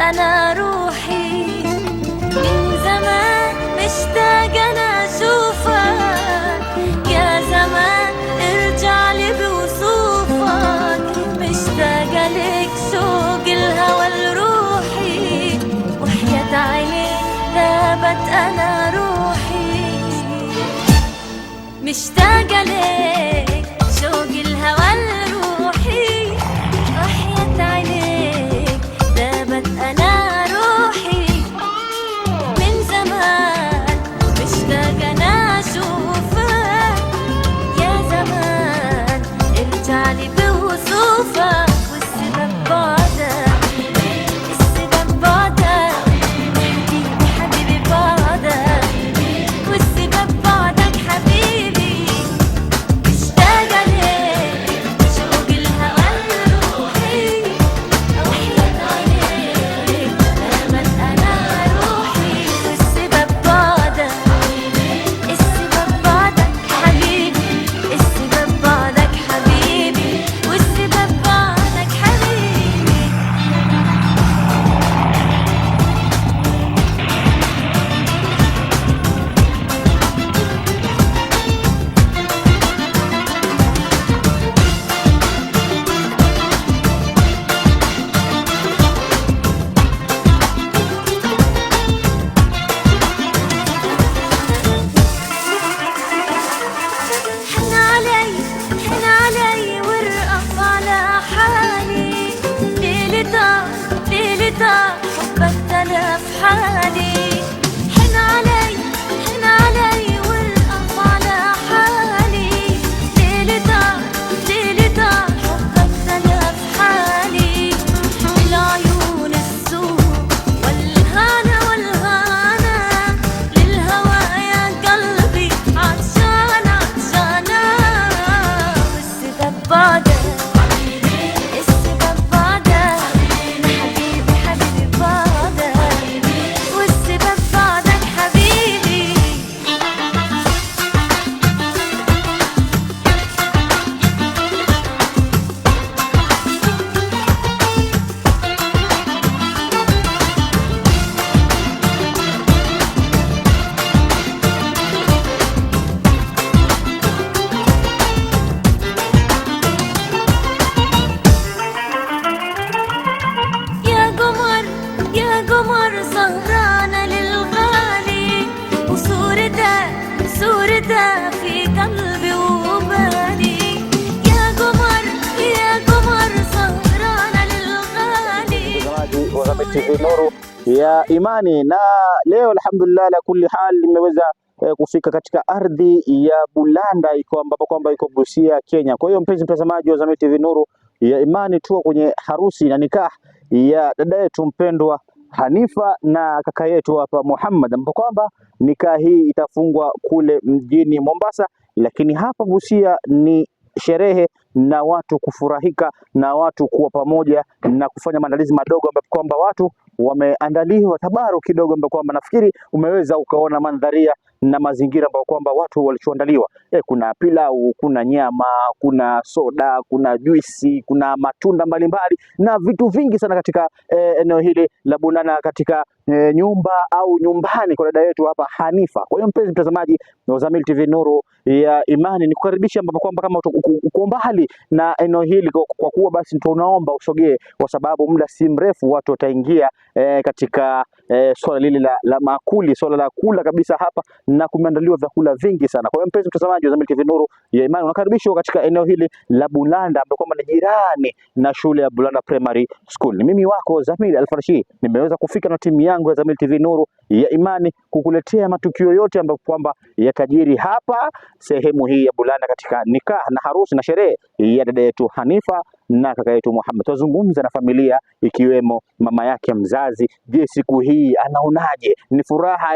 أنا روحي من زمان مشتاقة أنا أشوفك يا زمان ارجع لي بوصوفك مشتاقة لك شوق الهوى لروحي وحياة عينيك غابت أنا روحي مشتاقة لك imani. Na leo alhamdulillah, la kulli hal limeweza eh, kufika katika ardhi ya Bulanda iko ambapo kwamba iko Busia, Kenya. Kwa hiyo mpenzi mtazamaji wa Zamyl TV Nuru ya Imani, tuko kwenye harusi na nikah ya dada yetu mpendwa Hanifa na kaka yetu hapa Muhammad, ambapo kwamba nikah hii itafungwa kule mjini Mombasa, lakini hapa Busia ni sherehe na watu kufurahika na watu kuwa pamoja na kufanya maandalizi madogo ambapo kwamba watu wameandaliwa tabaru kidogo, ambapo kwamba nafikiri umeweza ukaona mandharia na mazingira ambayo kwamba watu walichoandaliwa. E, kuna pilau, kuna nyama, kuna soda, kuna juisi, kuna matunda mbalimbali na vitu vingi sana katika eh, eneo hili la Bunana katika e, nyumba au nyumbani kwa dada yetu hapa Hanifa. Kwa hiyo mpenzi mtazamaji wa Zamyl TV Nuru ya Imani, nikukaribisha ambapo kwamba kama uko mbali na eneo hili, kwa kuwa basi tunaomba usogee, kwa sababu muda si mrefu watu wataingia e, katika e, swala lile la, la makuli, swala la kula kabisa hapa, na kumeandaliwa vyakula vingi sana. Kwa hiyo mpenzi mtazamaji wa Zamyl TV Nuru ya Imani, unakaribishwa katika eneo hili la Bulanda ambapo kwamba ni jirani na shule ya Bulanda Primary School. Ni mimi wako Zamyl Alfarshi, nimeweza kufika na timu yangu ya Zamyl TV Nuru ya Imani kukuletea matukio yote ambayo kwamba yakajiri hapa sehemu hii ya Bulanda katika nikaa na harusi na sherehe ya dada yetu Hanifa na kaka yetu Muhammad. Tuzungumza na familia ikiwemo mama yake mzazi. Je, siku hii anaonaje? Ni furaha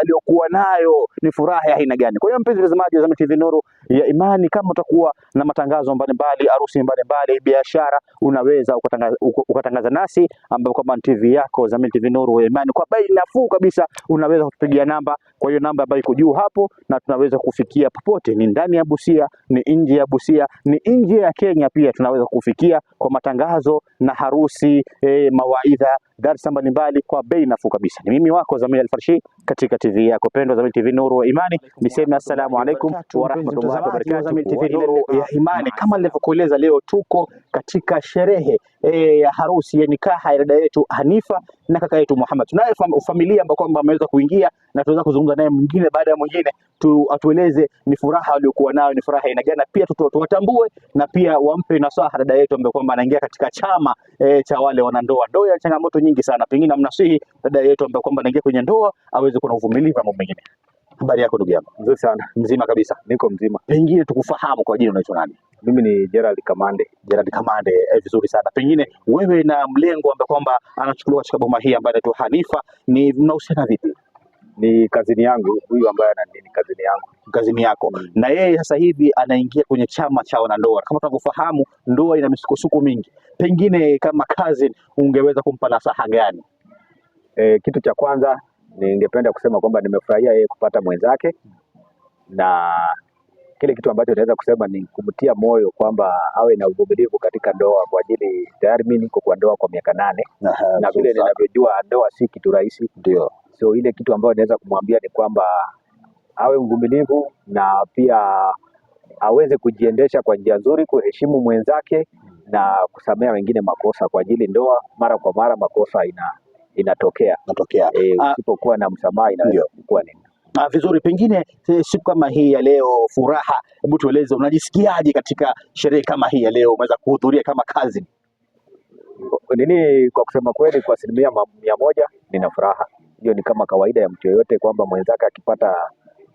aliyokuwa nayo ni furaha ya aina gani? Kwa hiyo mpenzi mtazamaji wa Zamyl TV Nuru ya Imani, kama utakuwa na matangazo mbalimbali, harusi mbalimbali, biashara, unaweza ukatangaza, ukatangaza nasi ambapo kwamba TV yako Zamyl TV Nuru ya Imani kwa bei nafuu kabisa, unaweza kutupigia namba. Kwa hiyo namba ambayo iko juu hapo, na tunaweza kufikia popote, ni ndani ya Busia, ni nje ya Busia, ni nje ya Kenya, pia tunaweza kufikia kufikia kwa matangazo na harusi e, mawaidha, darsa mbalimbali kwa bei nafuu kabisa. Ni mimi wako Zamil Alfarshi katika TV yako pendwa Zamil TV Nuru ya Imani. Niseme assalamu alaikum wa rahmatullahi wa barakatuh. Zamil TV Nuru ya Imani, kama nilivyokueleza, leo tuko katika sherehe e, ya harusi ya nikaha ya dada yetu Hanifa na kaka yetu Muhammad. Tunaye familia ambao kwamba ameweza kuingia na tunaweza kuzungumza naye mwingine baada ya mwingine tu, atueleze ni furaha aliyokuwa nayo, ni furaha ina gani, pia tuwatambue na pia wampe nasaha dada yetu ambaye kwamba anaingia katika chama e, cha wale wanandoa. Ndoa ya changamoto nyingi sana, pengine amnasihi dada yetu ambaye kwamba anaingia kwenye ndoa aweze kuwa na uvumilivu na mambo mengine. Habari yako ndugu yangu? Nzuri sana. Mzima kabisa. Niko mzima. Pengine tukufahamu kwa jina, unaitwa nani? Mimi ni Gerald Kamande. Gerald Kamande, eh, vizuri sana. Pengine wewe na mlengo ambaye kwamba anachukuliwa katika boma hii ambaye anaitwa Hanifa, ni mnahusiana vipi? ni kazini yangu huyu ambaye ni kazini yangu kazini yako mm. Na yeye sasa hivi anaingia kwenye chama cha wanandoa. Kama tunavyofahamu, ndoa ina misukosuko mingi, pengine kama kazini ungeweza kumpa nasaha gani? E, kitu cha kwanza ningependa kusema kwamba nimefurahia yeye kupata mwenzake, na kile kitu ambacho naweza kusema ni kumtia moyo kwamba awe na uvumilivu katika ndoa, kwa ajili tayari mimi niko kwa ndoa kwa miaka nane na vile ninavyojua ndoa si kitu rahisi, ndio So ile kitu ambayo naweza kumwambia ni kwamba awe mvumilivu na pia aweze kujiendesha kwa njia nzuri, kuheshimu mwenzake na kusamea wengine makosa, kwa ajili ndoa mara kwa mara makosa ina, inatokea natokea. E, ah, usipokuwa na msamaha inaweza kuwa nini? Ah, vizuri. Pengine eh, siku kama hii ya leo, furaha, hebu tueleze unajisikiaje katika sherehe kama hii ya leo, umeweza kuhudhuria kama kazi nini, kwa kusema kweli, kwa asilimia mia moja nina furaha. Hiyo ni kama kawaida ya mtu yoyote kwamba mwenzake akipata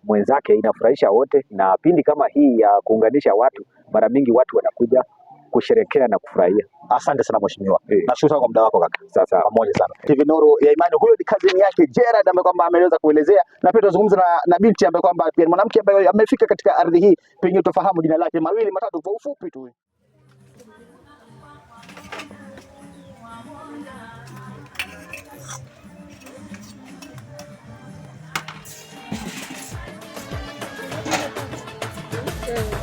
mwenzake inafurahisha wote, na pindi kama hii ya kuunganisha watu, mara mingi watu wanakuja kusherekea na kufurahia. Asante sana mheshimiwa, eh. nashukuru sana kwa muda wako kaka. Sasa pamoja sana TV Nuru ya Imani, huyo ni kazini yake Gerald ambaye kwamba ameweza kuelezea, na pia tunazungumza na binti ambaye kwamba pia mwanamke ambaye amefika katika ardhi hii, pengine tufahamu jina lake mawili matatu kwa ufupi tu. Sure.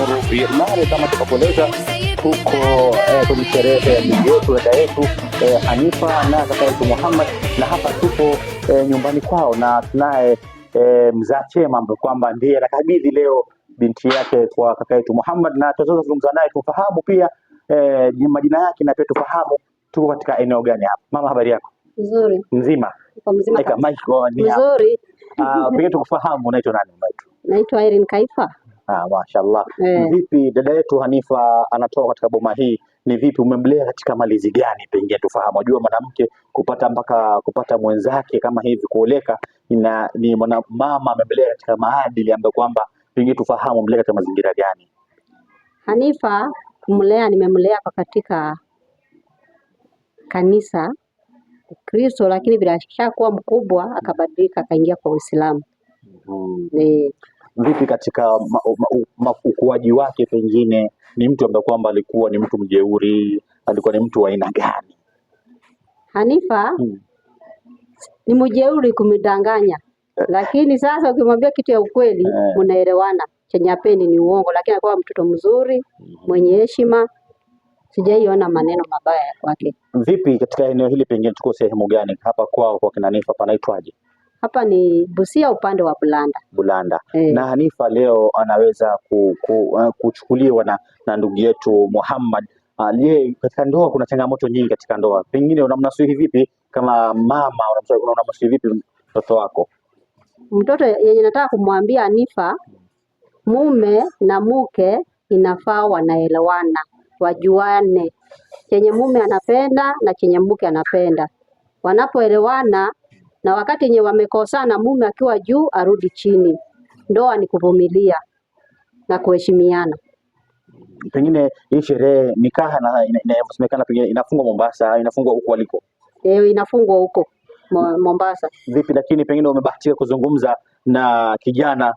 Nuru Biennale kama tukakueleza huko eh, kwenye sherehe ya ndugu yetu dada yetu eh, Hanifa na kakayetu Muhammad, na hapa tupo eh, nyumbani kwao na tunaye mzaa Chema ambaye kwamba ndiye anakabidhi leo binti yake kwa kakaetu yetu Muhammad, na tutaweza kuzungumza naye tufahamu pia eh, majina yake na pia tufahamu tuko katika eneo gani hapa. Mama, habari yako? Nzuri. Mzima? Mzima. Ah, pengine tukufahamu, unaitwa nani? Naitwa Irene Kaifa. Ah, mashallah. Yeah. Vipi dada yetu Hanifa anatoka katika boma hii, ni vipi umemlea katika malizi gani? Pengine tufahamu, ajua mwanamke kupata mpaka kupata mwenzake kama hivi kuoleka, na ni mwanamama amemlea katika maadili ambayo kwamba pengine tufahamu umemlea katika mazingira gani? Hanifa kumlea, nimemlea kwa katika kanisa Kristo, lakini bila shaka kuwa mkubwa akabadilika akaingia kwa Uislamu. Mm -hmm vipi katika ukuaji wake, pengine ni mtu ambaye kwamba alikuwa ni mtu mjeuri, alikuwa ni mtu wa aina gani? Hanifa hmm. ni mjeuri kumdanganya, eh. lakini sasa ukimwambia kitu ya ukweli eh. unaelewana chenye apeni ni uongo, lakini alikuwa mtoto mzuri hmm. mwenye heshima, sijaiona maneno mabaya kwake. Vipi katika eneo hili, pengine tuko sehemu gani hapa kwao, kwa kinanifa panaitwaje? Hapa ni Busia upande wa Bulanda. Bulanda. E. Na Hanifa leo anaweza ku, ku, eh, kuchukuliwa na, na ndugu yetu Muhammad aliye katika ndoa. Kuna changamoto nyingi katika ndoa, pengine unamnasuhi vipi kama mama, unamnasuhi vipi mtoto wako? Mtoto yenye nataka kumwambia Hanifa, mume na mke inafaa wanaelewana, wajuane chenye mume anapenda na chenye mke anapenda. Wanapoelewana na wakati yenye wamekosana, mume akiwa juu arudi chini. Ndoa ni kuvumilia na kuheshimiana. Pengine hii sherehe nikaha inasemekana pengine inafungwa Mombasa, inafungwa huko waliko? eh, inafungwa huko Mombasa. Vipi, lakini pengine umebahatika kuzungumza na kijana?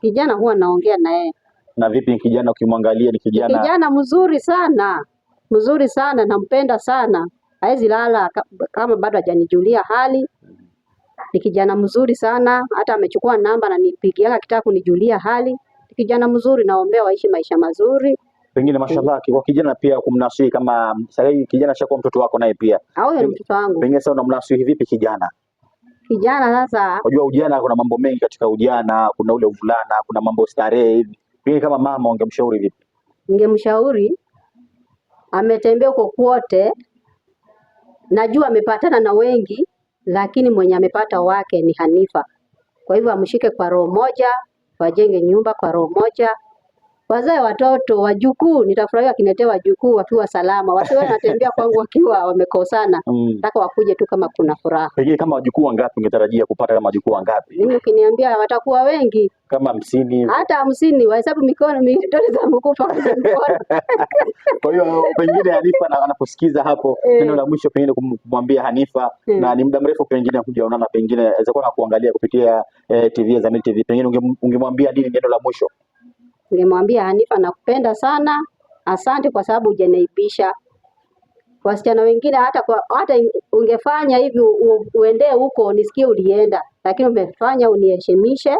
Kijana huwa naongea naye. Na vipi kijana, ukimwangalia ni kijana, kijana mzuri sana, mzuri sana, nampenda sana hawezi lala kama bado hajanijulia hali. Ni kijana mzuri sana, hata amechukua namba na ananipigia akitaka kunijulia hali. Ni kijana mzuri, naombea waishi maisha mazuri. Pengine mashallah, mm. kwa kijana pia kumnasihi, kama sahihi, kijana shakuwa mtoto wako naye pia au mtoto wangu, pengine sasa unamnasihi vipi kijana? Kijana sasa, unajua ujana, kuna mambo mengi katika ujana, kuna ule uvulana, kuna mambo starehe hivi. Pengine kama mama ungemshauri vipi? Ningemshauri ametembea huko kwote, Najua amepatana na wengi, lakini mwenye amepata wake ni Hanifa. Kwa hivyo amshike kwa roho moja, wajenge nyumba kwa roho moja, wazee watoto, wajukuu. Nitafurahia wakiniletea wajukuu wakiwa salama, wasiwe wanatembea kwangu wakiwa wamekosana. Mm. Nataka mm. wakuje tu kama kuna furaha. Pengine kama wajukuu wangapi ungetarajia kupata? Kama wajukuu wangapi? Mimi ukiniambia watakuwa wengi kama hamsini hata hamsini wahesabu mikono mitoni za mkufa. Kwa hiyo pengine Hanifa anaposikiza hapo eh. neno la mwisho, pengine kumwambia Hanifa eh. na ni muda mrefu pengine hakujaonana, pengine aweza kuwa na kuangalia kupitia eh, TV ya Zamyl TV, pengine ungemwambia nini neno la mwisho? Ningemwambia Hanifa, nakupenda sana, asante kwa sababu hujaniaibisha. Wasichana wengine hata kwa, hata ungefanya hivi uendee huko nisikie ulienda, lakini umefanya uniheshimishe,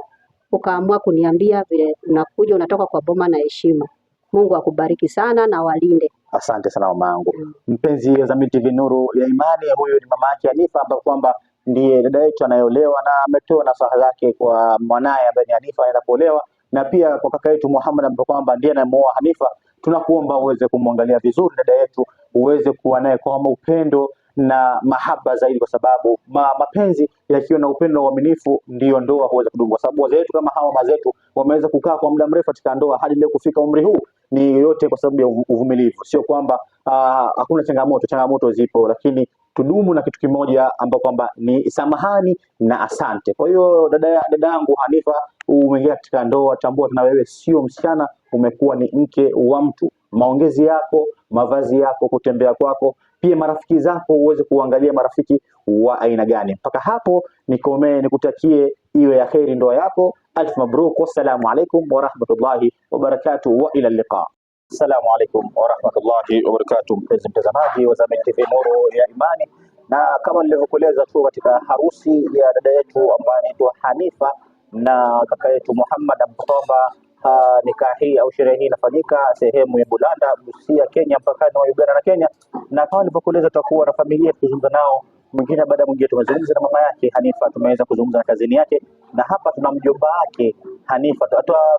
ukaamua kuniambia vile unakuja unatoka kwa boma na heshima. Mungu akubariki sana na walinde. Asante sana mamaangu. Mm. Mpenzi wa Zamyl TV Nuru ya Imani, huyo ni mama yake Hanifa ambaye kwamba ndiye dada yetu anayeolewa na ametoa nasaha zake kwa mwanaye ambaye ni Hanifa anaenda kuolewa na pia kwa kaka yetu Muhammad ambaye kwamba ndiye anayemuoa Hanifa, tunakuomba uweze kumwangalia vizuri dada yetu, uweze kuwa naye kwa upendo na mahaba zaidi, kwa sababu ma, mapenzi yakiwa na upendo na uaminifu ndiyo ndoa huweza kudumu, kwa sababu wazee wetu kama hawa mazetu wameweza kukaa kwa muda mrefu katika ndoa hadi leo kufika umri huu, ni yote kwa sababu ya uvumilivu. Sio kwamba ah, hakuna changamoto, changamoto zipo, lakini tudumu na kitu kimoja ambao kwamba ni samahani na asante. Kwa hiyo dada yangu Hanifa, umeingia katika ndoa, tambua na wewe sio msichana, umekuwa ni mke wa mtu. Maongezi yako, mavazi yako, kutembea kwako pia marafiki zako uweze kuangalia marafiki wa aina gani. Mpaka hapo nikomee, nikutakie iwe ya kheri ndoa yako. Alf mabruk, wassalamu alaikum warahmatullahi wabarakatuh, wa ila liqa. Assalamu alaikum warahmatullahi wabarakatuh, mpenzi mtazamaji wa Zamyl TV Nuru ya Imani, na kama nilivyokueleza tu katika harusi ya dada yetu ambaye anaitwa Hanifa na kaka yetu Muhammad Mtomba Uh, ah, nikaa hii au sherehe hii inafanyika sehemu ya Bulanda, Busia, Kenya, mpakani wa Uganda na Kenya, na kama nilivyokueleza, tutakuwa na familia tukizungumza nao mwingine baada ya mwingine. Tumezungumza na mama yake Hanifa, tumeweza kuzungumza na kazini yake, na hapa tuna mjomba wake Hanifa,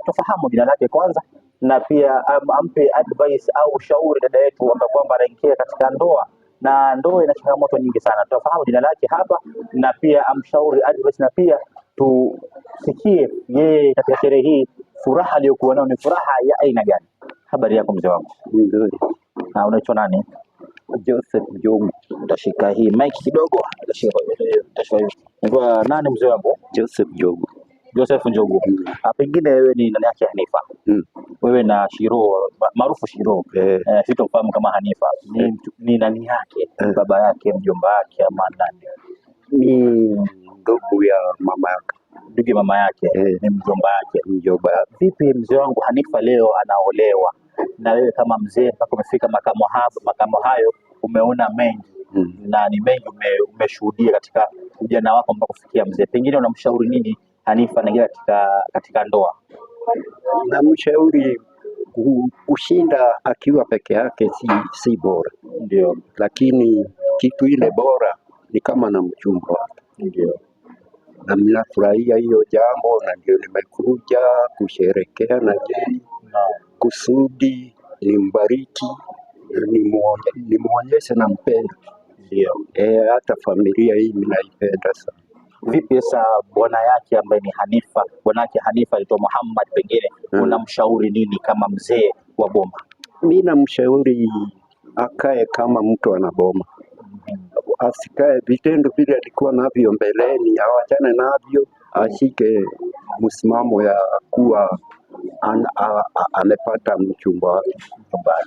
tufahamu jina lake kwanza, na pia um, ampe advice au ushauri dada yetu ambaye kwamba anaingia katika ndoa na ndoa ina changamoto nyingi sana. Tutafahamu jina lake hapa na pia amshauri advice, na pia tusikie yeye katika sherehe hii furaha aliyokuwa nayo ni furaha ya aina gani? Habari yako mzee wangu? Nzuri. Na unaitwa nani? Joseph Jogu. Utashika hii mic kidogo, utashika nani mzee wangu? Joseph Jogu. Joseph Njogu. Mm. Ah, pengine wewe ni nani yake Hanifa? Mm. Wewe na Shiro maarufu Shiro. Eh. eh, sitofahamu kama Hanifa. Ni, eh, ni nani yake? Eh. Baba yake, mjomba yake ama nani? Ni ndugu ya mama yake ndugu mama yake eh, ni mjomba yake. Mjomba vipi, mzee wangu Hanifa leo anaolewa, na wewe kama mzee mpaka umefika makamo hapo, makamo hayo umeona mengi hmm, na ni mengi umeshuhudia ume katika ujana wako mpaka kufikia mzee, pengine unamshauri nini Hanifa anaingia katika, katika ndoa? Namshauri kushinda akiwa peke yake si, si bora ndio, lakini kitu ile bora ni kama na mchumba wake ndio na mnafurahia hiyo jambo, na ndio nimekuja kusherekea na yeye kusudi nimbariki nimwonyeshe na mpenda ndio. E, hata familia hii mimi sana. Vipi sasa bwana yake ambaye ni Hanifa, bwana yake Hanifa aitwa Muhammad, pengine hmm, unamshauri nini kama mzee wa boma? mi namshauri akae kama mtu ana boma hmm asikae vitendo vile alikuwa navyo mbeleni, awachane navyo, ashike msimamo ya kuwa an, a, a, amepata mchumba wake.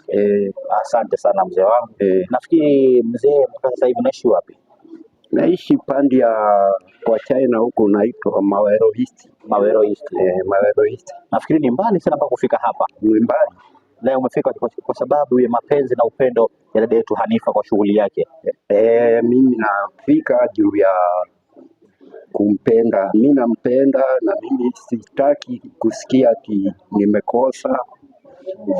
E, asante sana mzee wangu e. Nafikiri mzee, sasa hivi naishi wapi? Naishi pande ya kwa China huko unaitwa Mawero East. Mawero East. E, eh, Mawero East. Nafikiri ni mbali sana mpaka kufika hapa. Ni mbali leo umefika kwa sababu ya mapenzi na upendo ya dada yetu Hanifa kwa shughuli yake. E, mimi nafika juu ya kumpenda, mi nampenda na mimi sitaki kusikia ati nimekosa,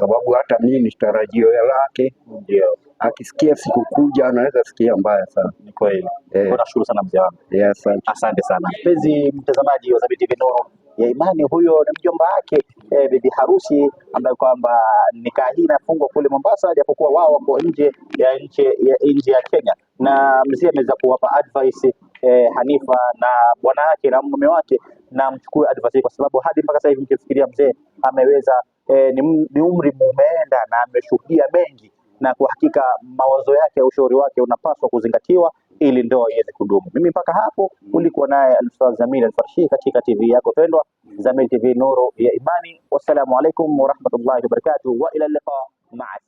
sababu hata mimi ni tarajio lake ndio akisikia sikukuja anaweza sikia mbaya sana. Ni kweli. Eh. Nashukuru sana mzee wangu. Yes, asante. sana mpenzi mtazamaji wa Thabiti Vinoro ya imani. Huyo ni mjomba wake e, bibi harusi ambaye kwamba nikaa hii inafungwa kule Mombasa, japokuwa wao wako nje ya nje ya nje ya Kenya, na mzee ameweza kuwapa advice e, Hanifa na bwana wake na mume wake, na mchukue advice kwa sababu hadi mpaka sasa hivi mkifikiria mzee ameweza e, ni, ni umri mumeenda na ameshuhudia mengi na kwa hakika mawazo yake ya ushauri wake unapaswa kuzingatiwa ili ndoa iweze kudumu. Mimi mpaka hapo ulikuwa naye Alustadh Zamil Alfarshi katika TV yako pendwa Zamil TV Nuru ya Imani. Wassalamu alaikum warahmatullahi wabarakatuh wa ila liqa maa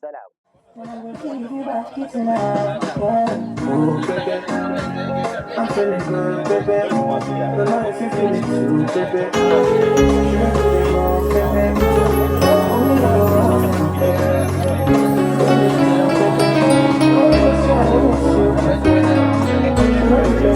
salam Thank you.